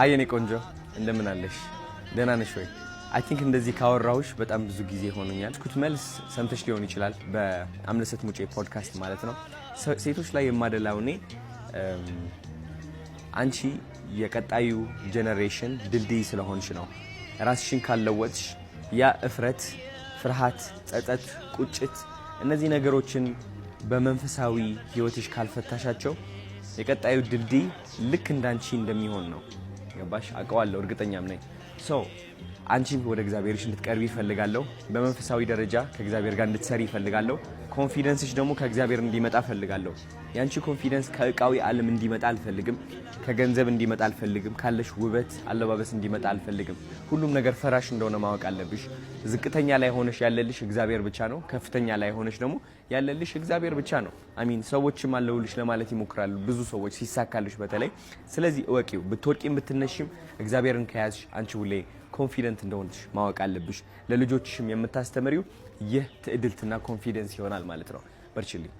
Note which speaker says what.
Speaker 1: ሀይ የኔ ቆንጆ እንደምን አለሽ? ደህና ነሽ ወይ? አይ ቲንክ እንደዚህ ካወራሁሽ በጣም ብዙ ጊዜ ሆኖኛል። ኩት መልስ ሰምተሽ ሊሆን ይችላል በአምለሰት ሙጬ ፖድካስት ማለት ነው። ሴቶች ላይ የማደላው እኔ አንቺ የቀጣዩ ጄኔሬሽን ድልድይ ስለሆንሽ ነው። ራስሽን ካለወጥሽ ያ እፍረት፣ ፍርሃት፣ ጸጸት፣ ቁጭት እነዚህ ነገሮችን በመንፈሳዊ ህይወትሽ ካልፈታሻቸው የቀጣዩ ድልድይ ልክ እንዳንቺ እንደሚሆን ነው። ገባሽ? አውቀዋለሁ፣ እርግጠኛም ነኝ። አንቺ ወደ እግዚአብሔርሽ እንድትቀርቢ ይፈልጋለሁ። በመንፈሳዊ ደረጃ ከእግዚአብሔር ጋር እንድትሰሪ ይፈልጋለሁ። ኮንፊደንስሽ ደግሞ ከእግዚአብሔር እንዲመጣ ፈልጋለሁ። የአንቺ ኮንፊደንስ ከእቃዊ ዓለም እንዲመጣ አልፈልግም። ከገንዘብ እንዲመጣ አልፈልግም። ካለሽ ውበት፣ አለባበስ እንዲመጣ አልፈልግም። ሁሉም ነገር ፈራሽ እንደሆነ ማወቅ አለብሽ። ዝቅተኛ ላይ ሆነሽ ያለልሽ እግዚአብሔር ብቻ ነው። ከፍተኛ ላይ ሆነሽ ደግሞ ያለልሽ እግዚአብሔር ብቻ ነው። አሚን። ሰዎችም አለውልሽ ለማለት ይሞክራሉ ብዙ ሰዎች ሲሳካልሽ በተለይ ስለዚህ እወቂው ብትወድቂም ብትና ካልተነሽም እግዚአብሔርን ከያዝሽ አንቺ ሁሌ ኮንፊደንት እንደሆንሽ ማወቅ አለብሽ። ለልጆችሽም የምታስተምሪው ይህ ትዕድልትና ኮንፊደንስ ይሆናል ማለት ነው። በርችልኝ